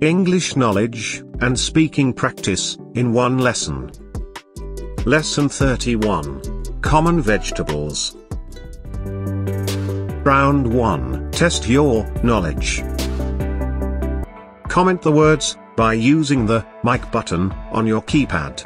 English knowledge and speaking practice in one lesson. Lesson 31 Common Vegetables. Round 1 Test your knowledge. Comment the words by using the mic button on your keypad.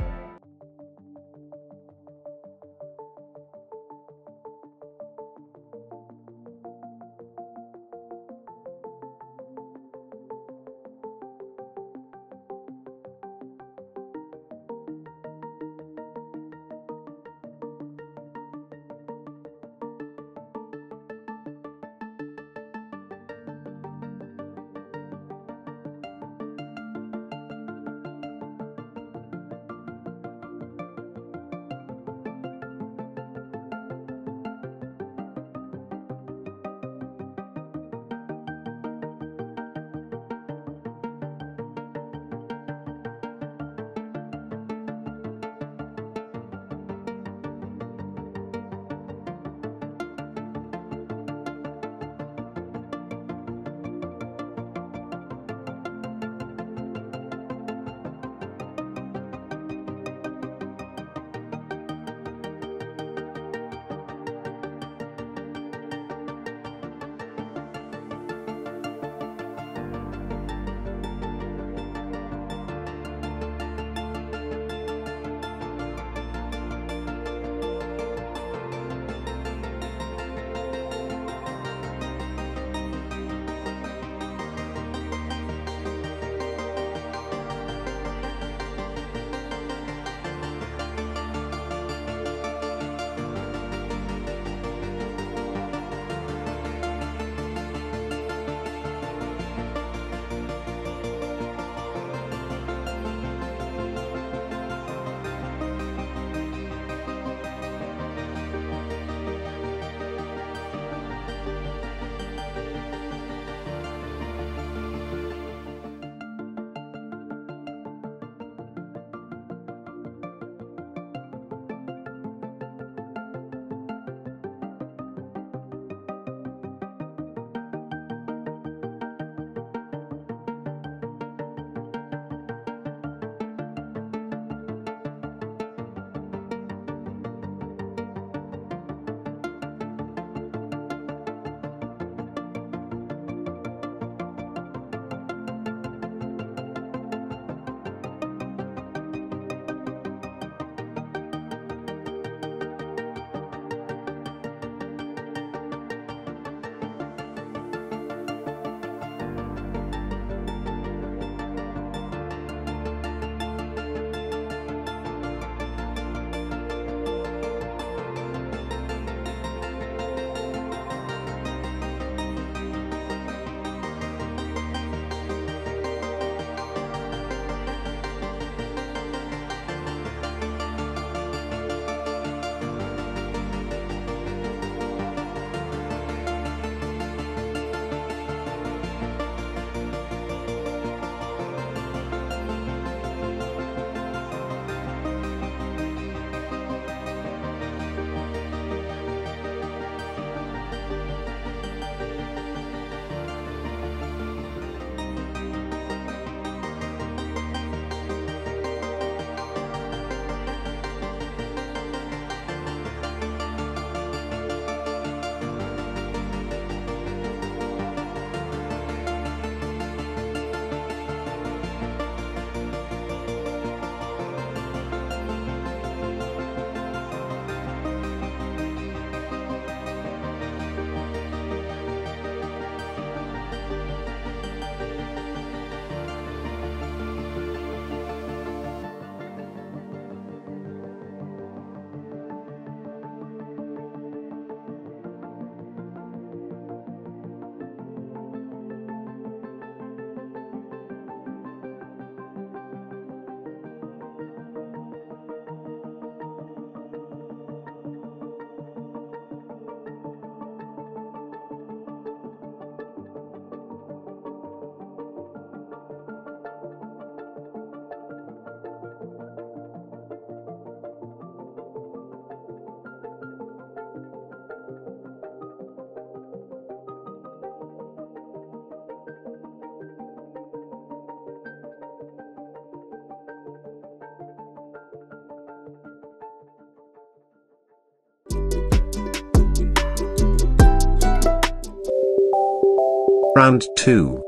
Round 2.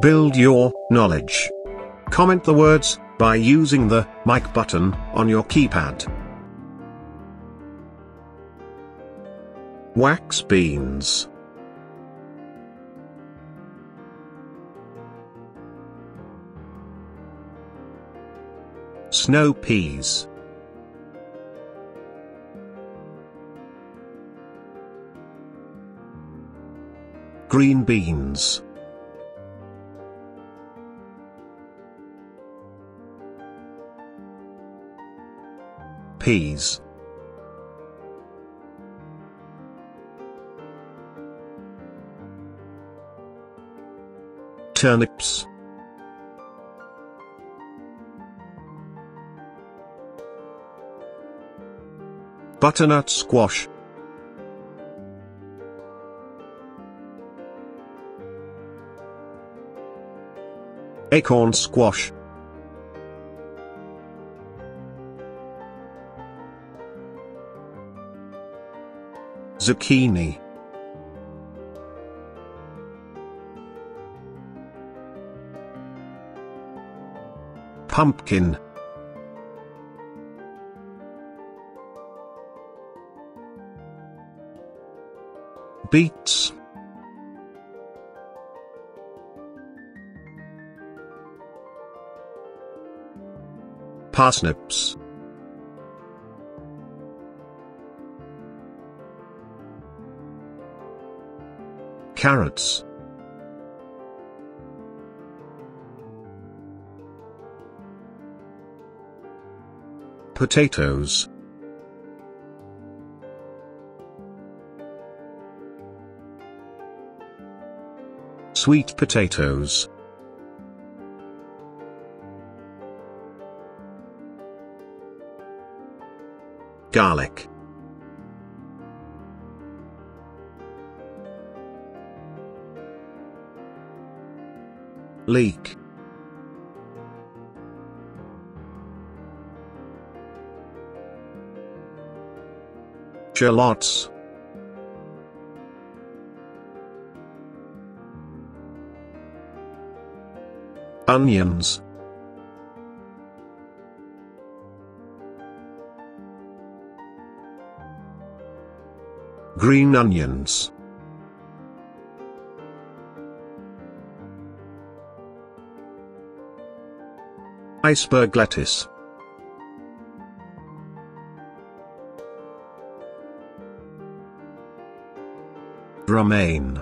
Build your knowledge. Comment the words by using the mic button on your keypad. Wax beans. Snow peas. Green beans. Peas. Turnips. Butternut squash. Acorn squash. Zucchini. Pumpkin. Beets. parsnips. Carrots. Potatoes. Sweet potatoes. garlic. leek, Shallots. Onions. Green onions. Iceberg lettuce. Romaine.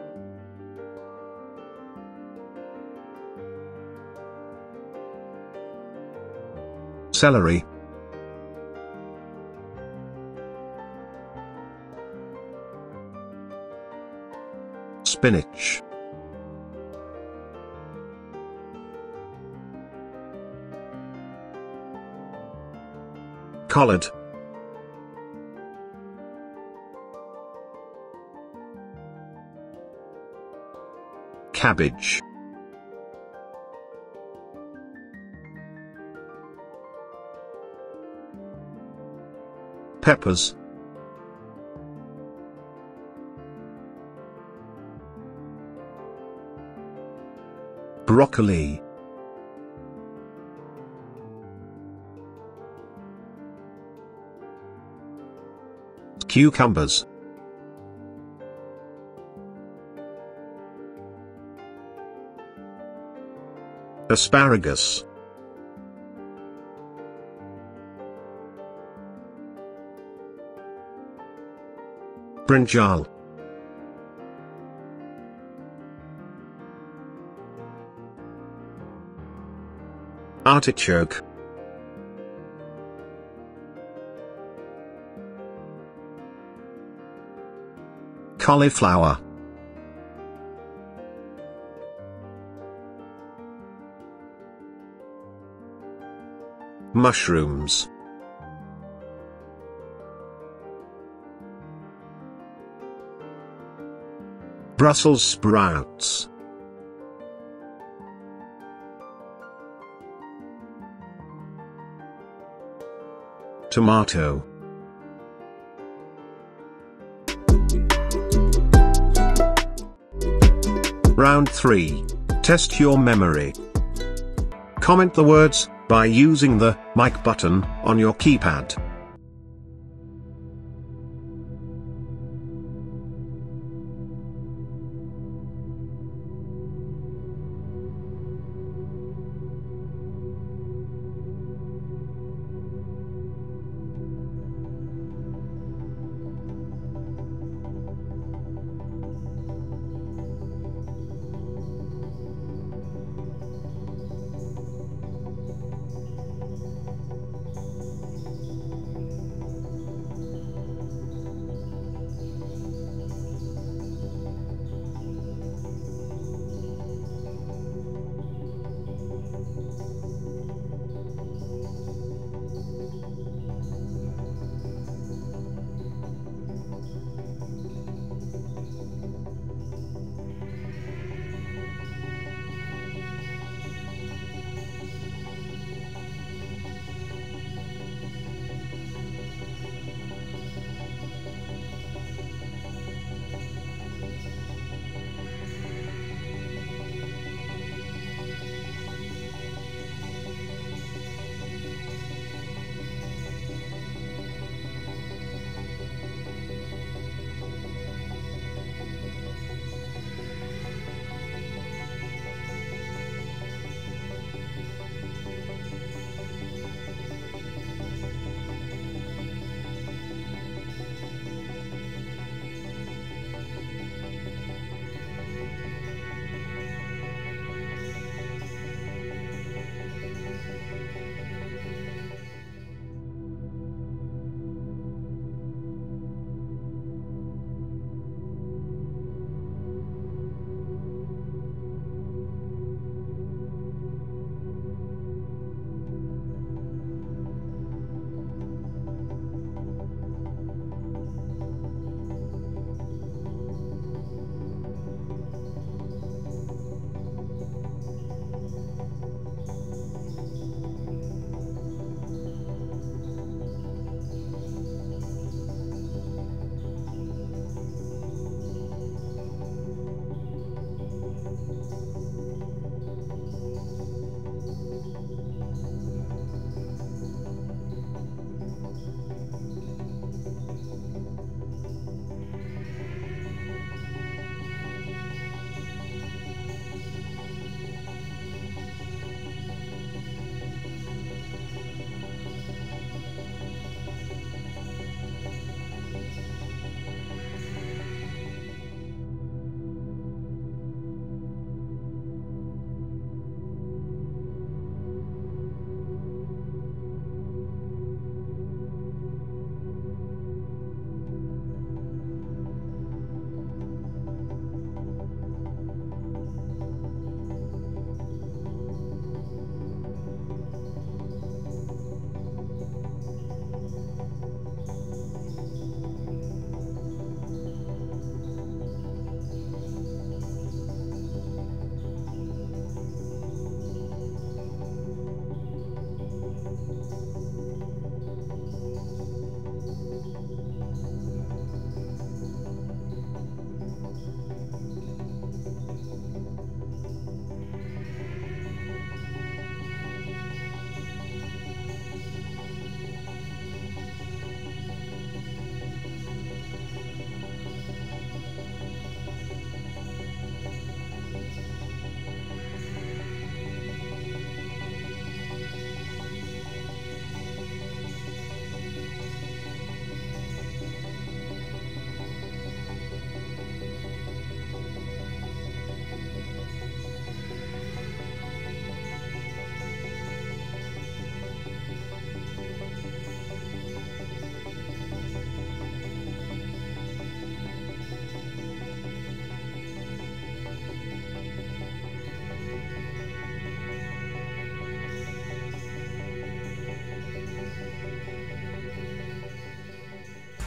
Celery. spinach. Collard Cabbage Peppers Broccoli Cucumbers Asparagus Brinjal Artichoke Cauliflower Mushrooms Brussels sprouts tomato. Round 3. Test your memory. Comment the words, by using the, mic button, on your keypad.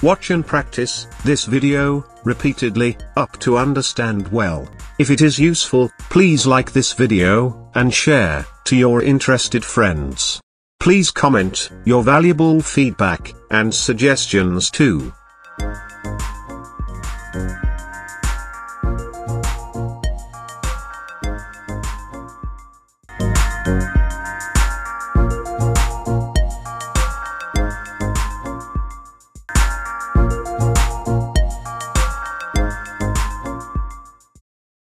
Watch and practice this video repeatedly up to understand well. If it is useful, please like this video and share to your interested friends. Please comment your valuable feedback and suggestions too.